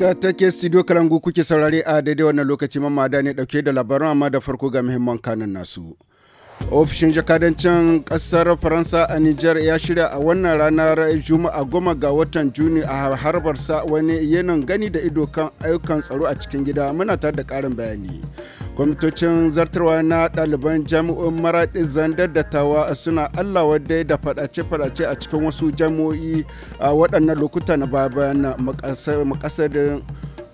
Amurka take studio kalangu kuke saurare a daidai wannan lokaci mamada ne dauke da labaran amma da farko ga muhimman kanan nasu. ofishin jakadancin kasar faransa a nijar ya shirya a wannan ranar juma'a goma ga watan juni a harbarsa wani yanan gani da ido kan ayyukan tsaro a cikin gida muna tare da karin bayani kwamitocin zartarwa na ɗaliban jami'o'in maraɗi zandar da tawa suna allah wadda da faɗace-faɗace a cikin wasu jami'o'i a waɗannan lokuta na na makasadin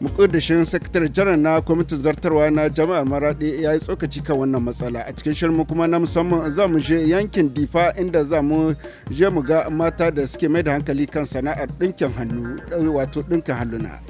mukaddashin sakatare janar na kwamitin zartarwa na jami'ar maraɗi ya yi tsokaci kan wannan matsala a cikin shirin kuma na musamman za mu je yankin difa inda za mu je mu ga mata da suke mai da hankali kan sana'ar ɗinkin hannu wato ɗinkin halluna.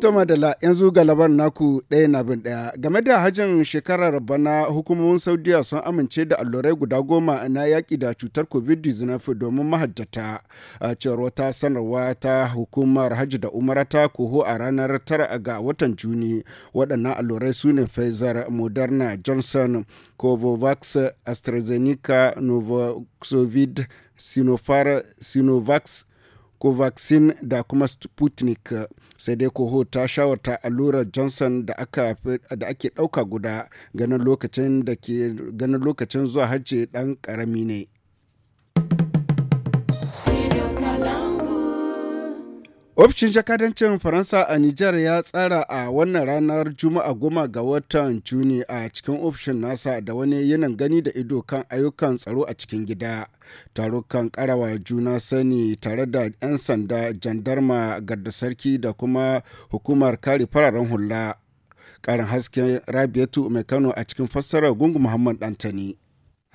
Toma da la yanzu ga labar naku ɗaya na bin ɗaya game da hajjin shekarar bana hukumomin saudiya sun amince da allurai guda goma na yaƙi da cutar covid-19 domin mahajjata a cewar wata sanarwa ta hukumar hajji da umara ta koho a ranar tara ga watan juni waɗannan allurai su ne pfizer moderna johnson covovax astrazeneca novocovid sinovac. ko covaxin da kuma sputnik sai dai koho ta shawarta allurar johnson da ake ɗauka guda ganin lokacin zuwa hajji ɗan ƙarami ne Ofishin jakadancin Faransa a Nijar ya tsara a wannan ranar Juma'a goma ga watan Juni a cikin ofishin nasa da wani yanan gani da ido kan ayyukan tsaro a cikin gida. Tarukan karawa juna sani tare da 'yan sanda jandarma garda sarki da kuma hukumar kari fararen hula. Karin hasken Rabiatu Mai Kano a cikin fassarar Gungu Muhammad Dantani.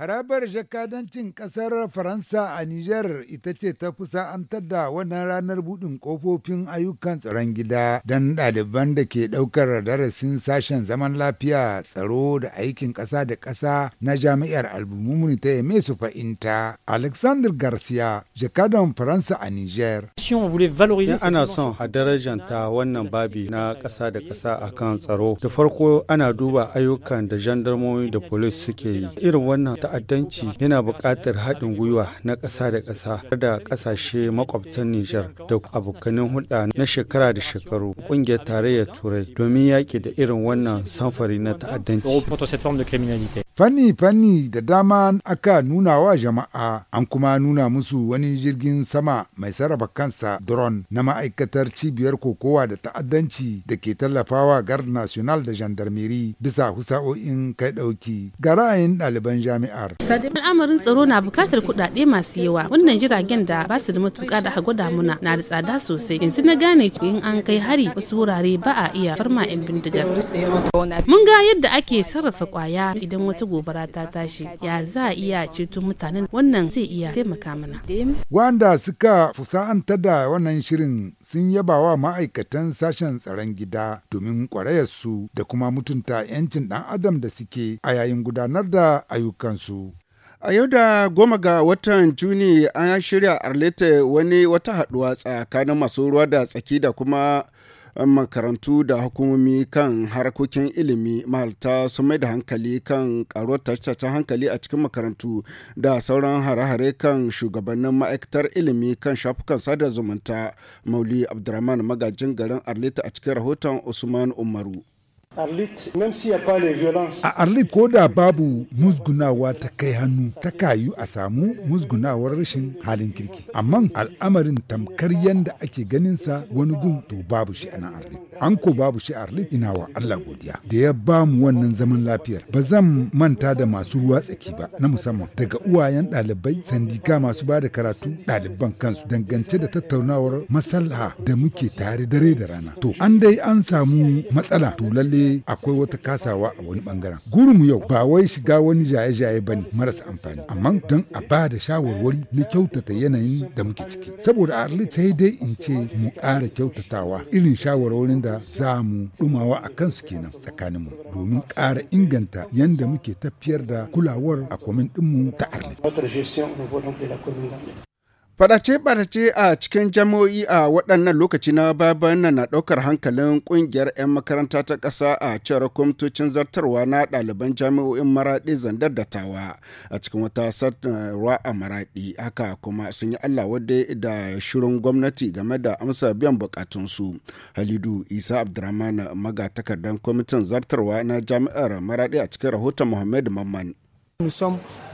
Harabar jakadancin ƙasar Faransa a Nijar ita ce ta fi sa'antar da wannan ranar buɗin kofofin ayyukan tsaron gida don ɗaliban da ke ɗaukar darasin sashen zaman lafiya tsaro da aikin ƙasa da kasa na jami'ar albumuni ta yame su fa'inta. Alexander Garcia, jakadan Faransa a Nijar. ana son a darajanta wannan babi na ƙasa da ƙasa kan tsaro. Da farko ana duba ayyukan da jandarmomi da polis suke yi. Irin wannan ta'addanci yana buƙatar haɗin gwiwa na ƙasa da ƙasa da ƙasashe makwabtan Nijar da abokanin hulɗa na shekara da shekaru ƙungiyar tarayyar Turai domin yaƙi da irin wannan samfari na ta'addanci. Fanni-fanni da dama aka nuna wa jama'a an kuma nuna musu wani jirgin sama mai sarrafa kansa drone na ma'aikatar cibiyar kokowa da ta'addanci da ke tallafawa gar national da gendarmerie bisa husa'o'in kai dauki ga ra'ayin ɗaliban jami'ar. Al'amarin tsaro na bukatar kuɗaɗe masu yawa wannan jiragen da ba su da matuƙa da hagu muna na da tsada sosai yanzu na gane in an kai hari wasu wurare ba a iya farma 'yan bindiga. Mun ga yadda ake sarrafa kwaya idan wata gobara ta tashi ya za a iya ceto mutanen wannan zai iya taimaka mana. Wanda suka fusa'anta da wannan shirin sun yaba wa ma'aikatan sashen tsaron gida domin su da kuma mutunta 'yancin ɗan adam da suke a yayin gudanar da ayyukansu. A yau da goma ga watan Juni an shirya Arlete wani wata haɗuwa tsakanin masu ruwa da tsaki da kuma makarantu da hukumomi kan harkokin ilimi malta sun mai da hankali kan karuwar tashe hankali a cikin makarantu da sauran hare-hare kan shugabannin ma'aikatar ilimi kan shafukan sada zumunta mauli abdurrahman magajin garin arleta a cikin rahoton usman umaru A Arlit ko da babu musgunawa ta kai hannu ta kayu a samu musgunawar rashin halin kirki. Amma al'amarin tamkar yadda ake sa wani gun to babu shi a nan Arlit. An ko babu shi Arlit ina wa Allah godiya da ya ba mu wannan zaman lafiyar. Ba zan manta da masu ruwa tsaki ba na musamman daga uwayen ɗalibai sandika masu ba da karatu ɗaliban kansu dangance da tattaunawar masalha da muke tare dare da rana. To an dai an samu matsala to lalle akwai wata kasawa a wani bangaren mu yau ba wai shiga wani jaye-jaye ne marasa amfani amma don a ba da shawarwari na kyautata yanayin da muke ciki saboda a sai dai in ce mu ƙara kyautatawa irin shawarwarin da za mu dumawa a kansu kenan tsakanin mu domin ƙara inganta yadda muke tafiyar da kulawar a kwamin ɗinmu ta arlit Fadace-fadace a cikin jami'o'i a waɗannan lokaci na baban na ɗaukar hankalin ƙungiyar 'yan makaranta ta ƙasa a cewar kwamitocin zartarwa na ɗaliban jami'o'in maraɗi zandar da tawa a cikin wata sanarwa a maraɗi haka kuma sun yi Allah wadda da shirin gwamnati game da amsa biyan buƙatunsu. Halidu Isa Abdulrahman magatakardan kwamitin zartarwa na jami'ar maraɗi a cikin rahoton Muhammad Mamman.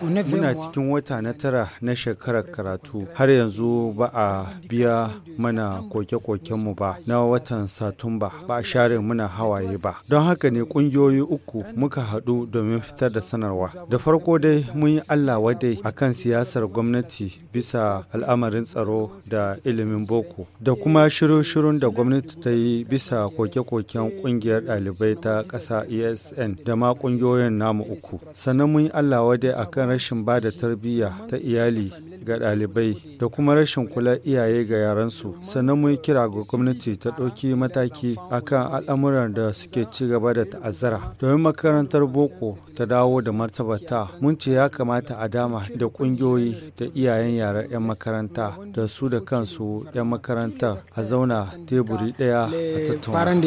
Muna cikin wata na tara na shekarar karatu har yanzu ba a biya mana koke-kokenmu ba na watan Satumba ba a share muna hawaye ba. Don haka ne ƙungiyoyi uku muka haɗu domin fitar da sanarwa. Da farko dai mun yi Allah wadai a kan siyasar gwamnati bisa al'amarin tsaro da ilimin boko da kuma shiru-shirun da gwamnati ta yi bisa koke-koken ƙungiyar ɗalibai ta ƙasa ESN da ma ƙungiyoyin namu uku. Sannan mun yi Allah Allah wadai akan rashin ba da tarbiyya ta iyali ga ɗalibai da kuma rashin kula iyaye ga yaransu. Sannan mun kira ga gwamnati ta ɗauki mataki akan al'amuran da suke ci gaba da ta'azzara. Domin makarantar boko ta dawo da martabata mun ce ya kamata a dama da ƙungiyoyi da iyayen yaran 'yan makaranta da su da kansu 'yan makaranta a zauna teburi ɗaya a tattauna.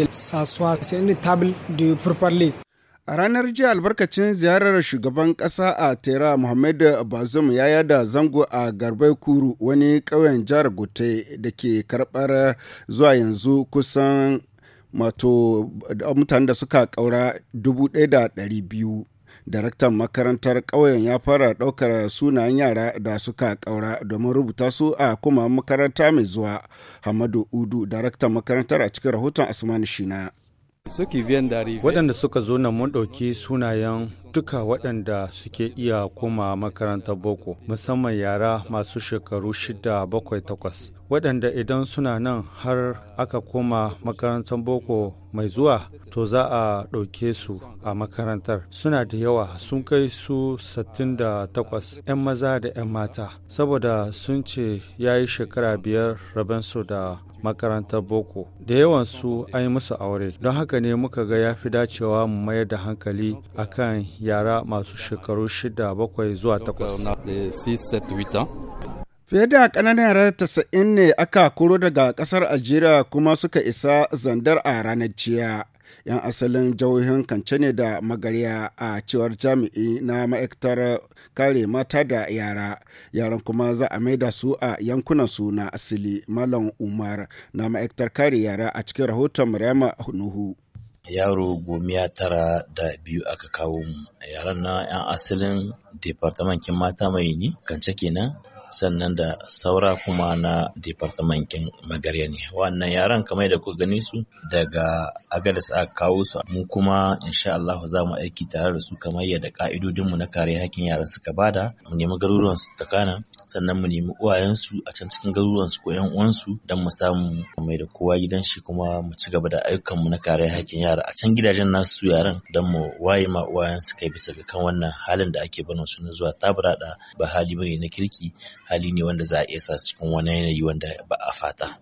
A ranar jiya albarkacin ziyarar shugaban ƙasa a Tera Muhammadu Bazum ya yada zango a Garbai Kuru wani ƙauyen jihar Gote da ke karɓar zuwa yanzu kusan mutane da suka ƙaura 1,200. daraktan makarantar ƙauyen ya fara ɗaukar sunayen yara da suka ƙaura domin rubuta su a kuma makaranta mai zuwa hamadu udu daraktan makarantar a cikin rahoton asmani shina Waɗanda suka zo nan mun ɗauki sunayen duka waɗanda suke iya koma makarantar boko musamman yara masu shekaru shida bakwai takwas waɗanda idan suna nan har aka koma makarantar boko mai zuwa to za a ɗauke su a makarantar suna da yawa sun kai su 68 'yan maza da 'yan mata saboda sun ce ya yi shekara biyar rabensu da makarantar boko da yawan su an yi musu aure don haka ne muka ga ya fi dacewa mu mayar da hankali akan yara masu shekaru shida bakwai zuwa takwas. Fiye da ƙananan yara tasa'in ne aka koro daga ƙasar Algeria kuma suka isa zandar a ranar jiya. 'Yan asalin jihohin kance ne da magarya a cewar jami'i na ma'aikatar kare mata da yara. Yaran kuma za a maida su a yankunan su na asili Malam Umar na ma'aikatar kare yara a cikin rahoton Maryama Nuhu. yaro gomiya tara da biyu aka kawo mu yaran na 'yan asalin departamentin mata mai ni kance kenan sannan da saura kuma na departamentin magarya ne wannan yaran kamar da kuka gani su daga agadas a kawo su mu kuma insha Allah za mu aiki tare da su kamar yadda ka'idodin mu na kare hakkin yara suka bada mu nemi garuruwan su ta kana sannan mu nemi uwayen su a can cikin garuruwan su ko yan uwan su dan mu samu mai da kowa gidan shi kuma mu ci gaba da ayyukan mu na kare hakkin yara a can gidajen nasu yaran dan mu waye ma uwayen su kai bisa ga kan wannan halin da ake barin su na zuwa tabura da ba hali bane na kirki hali ne wanda za a iya sa cikin wani yanayi wanda ba a fata.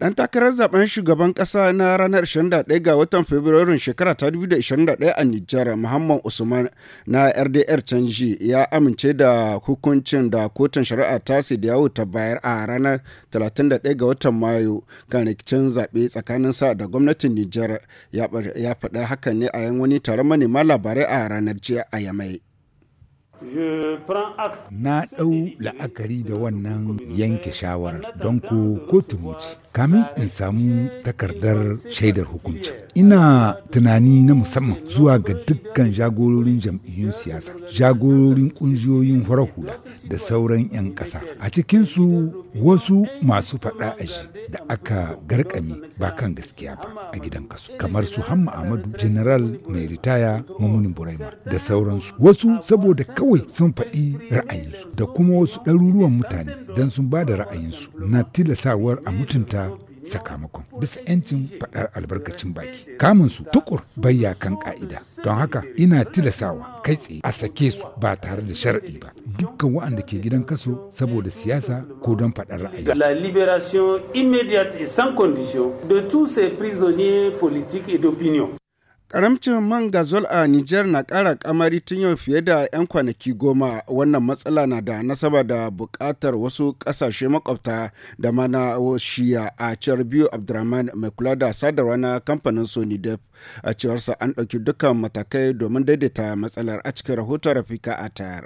Dan takarar zaben shugaban kasa na ranar 21 ga watan Fabrairun shekara ta 2021 a Nijar, Muhammad Usman na RDR Canji ya amince da hukuncin da kotun shari'a ta yawo ta bayar a ranar 31 ga watan Mayu kan rikicin zaɓe tsakanin sa da gwamnatin Nijar ya faɗa hakan ne a yan wani taron manema labarai a ranar jiya a Yamai. Na ɗau la'akari da wannan yanke shawarar don ko kotu kamin in samu takardar shaidar hukunci Ina tunani na musamman zuwa ga dukkan jagororin jam'iyyun siyasa, jagororin ƙungiyoyin horar hula da sauran 'yan ƙasa. A cikinsu wasu masu faɗa aji da aka garkame ba kan gaskiya ba a gidan kasu kamar su hamma amadu general mai ritaya mamunin buraima da sauransu wasu saboda kawai sun faɗi ra'ayinsu da kuma wasu ɗaruruwan mutane don sun ba da ra'ayinsu na tilasawar a mutunta sakamakon bisa 'yancin faɗar albarkacin baki kamun su tukur bayya kan ka'ida don haka ina tilasawa kai tsaye a sake su ba tare da shar'i ba dukkan waɗanda ke gidan kaso saboda siyasa ko don faɗar ra'ayi la liberation immediate et sans condition de tous ces prisonniers politiques et d'opinion Karamcin man gazol a Nijar na ƙara kamari tun yau fiye da 'yan kwanaki goma wannan matsala na da nasaba da buƙatar wasu ƙasashe makwabta da mana shiya a cewar biyu Abdurrahman mai kula da sadarwa na kamfanin Sony Def a cewarsa an ɗauki dukkan matakai domin daidaita matsalar a cikin rahoton Rafika a tayar.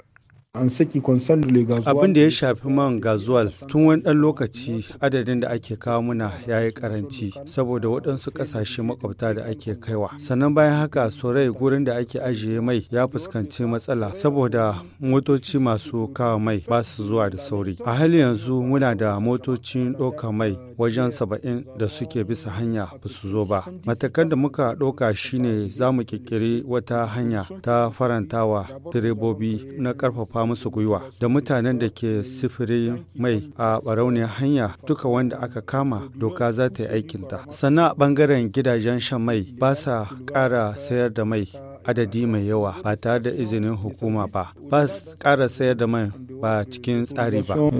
an saki abin da ya shafi man gazuwal tun wani dan lokaci adadin da ake kawo muna ya yi karanci saboda waɗansu ƙasashe makwabta da ake kaiwa sannan bayan haka sorai gurin da ake ajiye mai ya fuskanci matsala saboda motoci masu kawo mai ba su zuwa da sauri a hali yanzu muna da motocin ɗoka mai wajen saba'in da suke bisa hanya ba su zo ba matakan da muka ɗauka shine za mu ƙirƙiri wata hanya ta farantawa direbobi na ƙarfafa musu gwiwa da mutanen da ke sifiri mai a barauni hanya duka wanda aka kama doka za ta yi aikinta. Sannan a ɓangaren gidajen shan mai ba sa ƙara sayar da mai adadi mai yawa ba tare da izinin hukuma ba ba ƙara sayar da mai ba cikin tsari ba. Euh,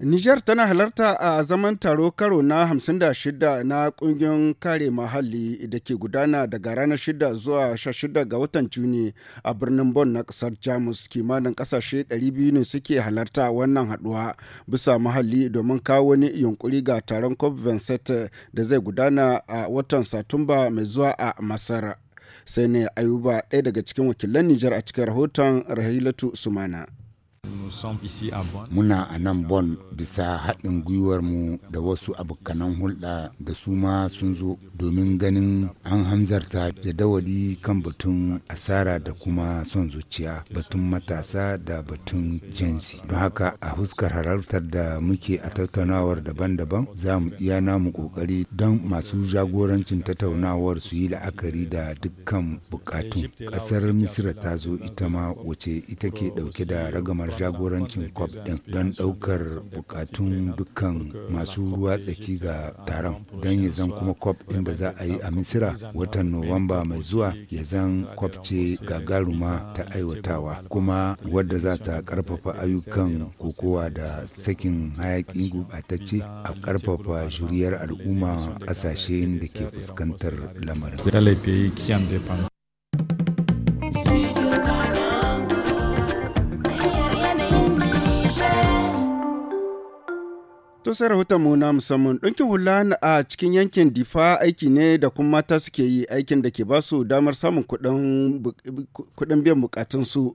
Nijar tana halarta a zaman taro karo na 56 na kungiyar kare muhalli da ke gudana daga ranar 6 zuwa 16 ga watan Juni a birnin bon na kasar Jamus kimanin kasashe 200 ne suke halarta wannan haduwa bisa muhalli domin kawo wani yunkuri ga taron COP27 da zai gudana a watan Satumba mai zuwa a Masar. Sai ne Ayuba ɗaya daga cikin wakilan Nijar a cikin rahoton Rahilatu Sumana. Muna a nan Bon bisa haɗin gwiwar mu da wasu abokanan hulɗa da su ma sun zo domin ganin an hamzarta jadawali kan batun asara da kuma son zuciya batun matasa da batun jinsi. Don haka a huskar halartar da muke a tattaunawar daban-daban za mu iya namu ƙoƙari don masu jagorancin tattaunawar su yi la'akari da dukkan bukatun. Ƙasar Misira ta zo ita ma wace ita ke ɗauke da ragamar jagorancin cop din don daukar bukatun dukkan masu ruwa tsaki ga taron don ya zan kuma cop din da za a yi a misira watan nuwamba mai zuwa ya zan cop ce gagaruma ta aiwatawa kuma wadda za ta karfafa ayyukan kokowa da sakin hayakin gubatacce a karfafa shiriyar al'umma kasashen da ke fuskantar lamarin To sai rahoton mu na musamman ɗinkin hula a cikin yankin Difa aiki ne da kuma mata suke yi aikin da ke ba su damar samun kuɗin biyan bukatunsu.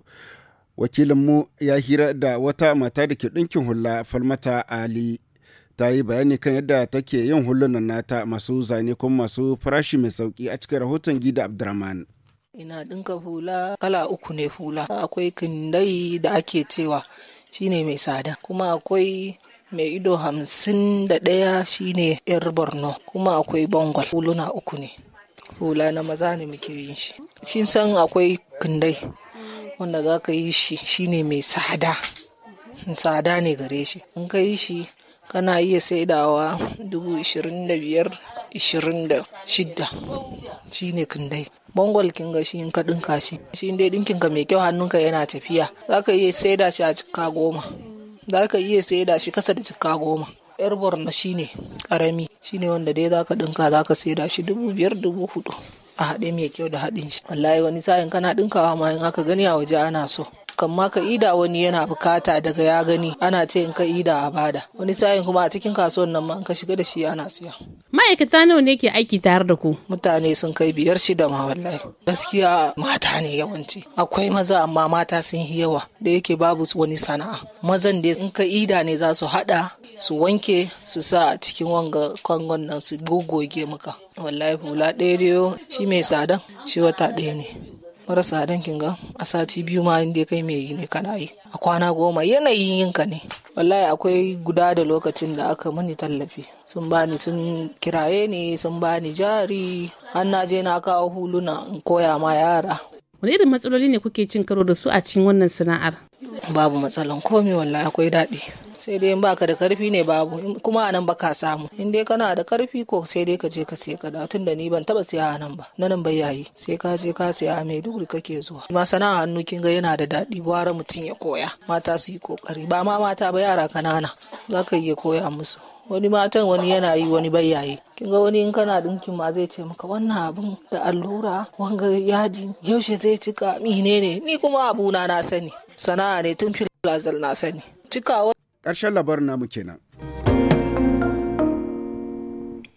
mu ya hira da wata mata da ke ɗinkin hula Falmata Ali. ta yi bayani kan yadda take yin hulunan nata masu zane kuma masu farashi mai sauki a cikin rahoton gida abdurrahman ina ɗinka hula kala uku ne hula akwai kindai da ake cewa shine mai tsada kuma akwai mai ido hamsin da ɗaya shine yar borno kuma akwai bangol huluna uku ne hula na maza ne muke yin shi shin san akwai kundai wanda za ka yi shi shine mai tsada tsada ne gare shi in ka yi shi kana iya saidawa dubu ishirin da biyar ishirin da shidda shine kundai bangol ga shi in ka dinka shi shi dai ka mai kyau hannunka yana tafiya za ka iya saida shi a cika goma za ka iya da shi kasa da jikka goma yar borno ne karami ne wanda dai za ka dinka za ka saida shi dubu biyar dubu hudu a haɗe mai kyau da haɗin shi wallahi wani sa'in kana dinkawa ma in aka gani a waje ana so kamma ka ida wani yana bukata daga ya gani ana ce in ka ida a bada wani sa'in kuma a cikin kasuwan nan ma in ka shiga da shi ana siya ma'aikata nawa ne ke aiki tare da ku mutane sun kai biyar shida ma wallahi gaskiya mata ne yawanci akwai maza amma mata sun yi yawa da yake babu wani sana'a mazan da in ka ida ne za su hada su wanke su sa a cikin wanga kwangon nan su gogoge maka wallahi hula ɗaya shi mai tsada shi wata ɗaya ne marasa a kin ga a sati biyu ma inda kai mai yi ne kana yi a kwana goma yanayin yinka ne wallahi akwai guda da lokacin da aka mani tallafi sun bani sun kiraye ne sun bani jari an na je na kawo huluna in koya ma yara wani irin matsaloli ne kuke cin karo da su a cikin wannan sana'ar babu matsalan komai wallahi akwai daɗi sai dai in baka da karfi ne babu kuma a nan baka samu in dai kana da karfi ko sai dai ka je ka siya kada tun da ni ban taba siya a nan ba na nan bai yayi sai ka je ka siya mai duri kake zuwa ma sana'a hannu kin ga yana da daɗi Bara mutum ya koya mata su yi kokari ba ma mata ba yara kanana za ka iya koya musu wani matan wani yana yi wani bai yayi kin ga wani in kana dinkin ma zai ce maka wannan abun da allura wanga yadi yaushe zai cika mine ne ni kuma abuna na sani sana'a ne tun filazal na sani cikawa ƙarshen labarin namu kenan.